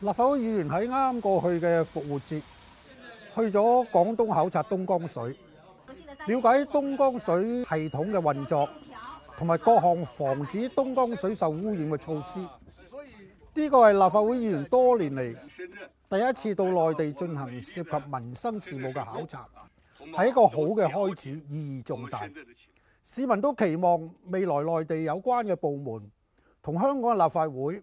立法會議員喺啱啱過去嘅復活節去咗廣東考察東江水，瞭解東江水系統嘅運作同埋各項防止東江水受污染嘅措施。呢個係立法會議員多年嚟第一次到內地進行涉及民生事務嘅考察，係一個好嘅開始，意義重大。市民都期望未來內地有關嘅部門同香港嘅立法會。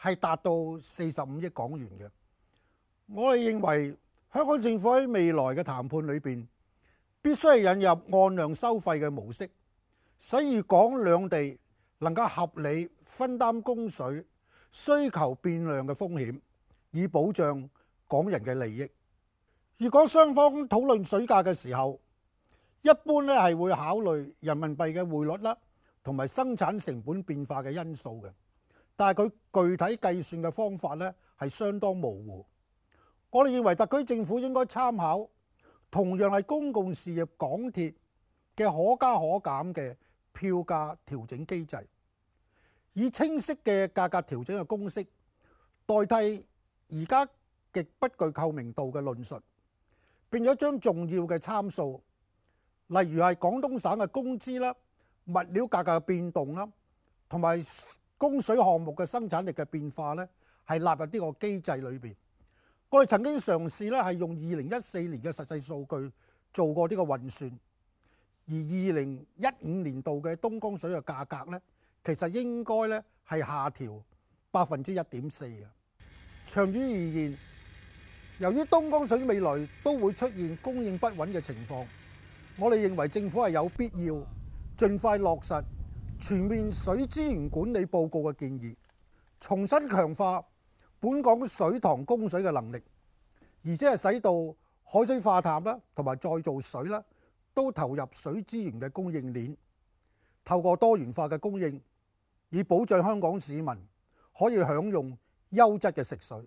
係達到四十五億港元嘅。我哋認為香港政府喺未來嘅談判裏邊必須係引入按量收費嘅模式，所以港兩地能夠合理分擔供水需求變量嘅風險，以保障港人嘅利益。如果雙方討論水價嘅時候，一般咧係會考慮人民幣嘅匯率啦，同埋生產成本變化嘅因素嘅。但係佢具體計算嘅方法呢，係相當模糊。我哋認為特區政府應該參考同樣係公共事業港鐵嘅可加可減嘅票價調整機制，以清晰嘅價格調整嘅公式代替而家極不具透明度嘅論述，變咗將重要嘅參數，例如係廣東省嘅工資啦、物料價格嘅變動啦，同埋，供水項目嘅生產力嘅變化呢，係納入呢個機制裏邊。我哋曾經嘗試呢，係用二零一四年嘅實際數據做過呢個運算，而二零一五年度嘅東江水嘅價格呢，其實應該呢，係下調百分之一點四嘅。長遠而言，由於東江水未來都會出現供應不穩嘅情況，我哋認為政府係有必要盡快落實。全面水資源管理報告嘅建議，重新強化本港水塘供水嘅能力，而且係使到海水化淡啦，同埋再造水啦，都投入水資源嘅供應鏈，透過多元化嘅供應，以保障香港市民可以享用優質嘅食水。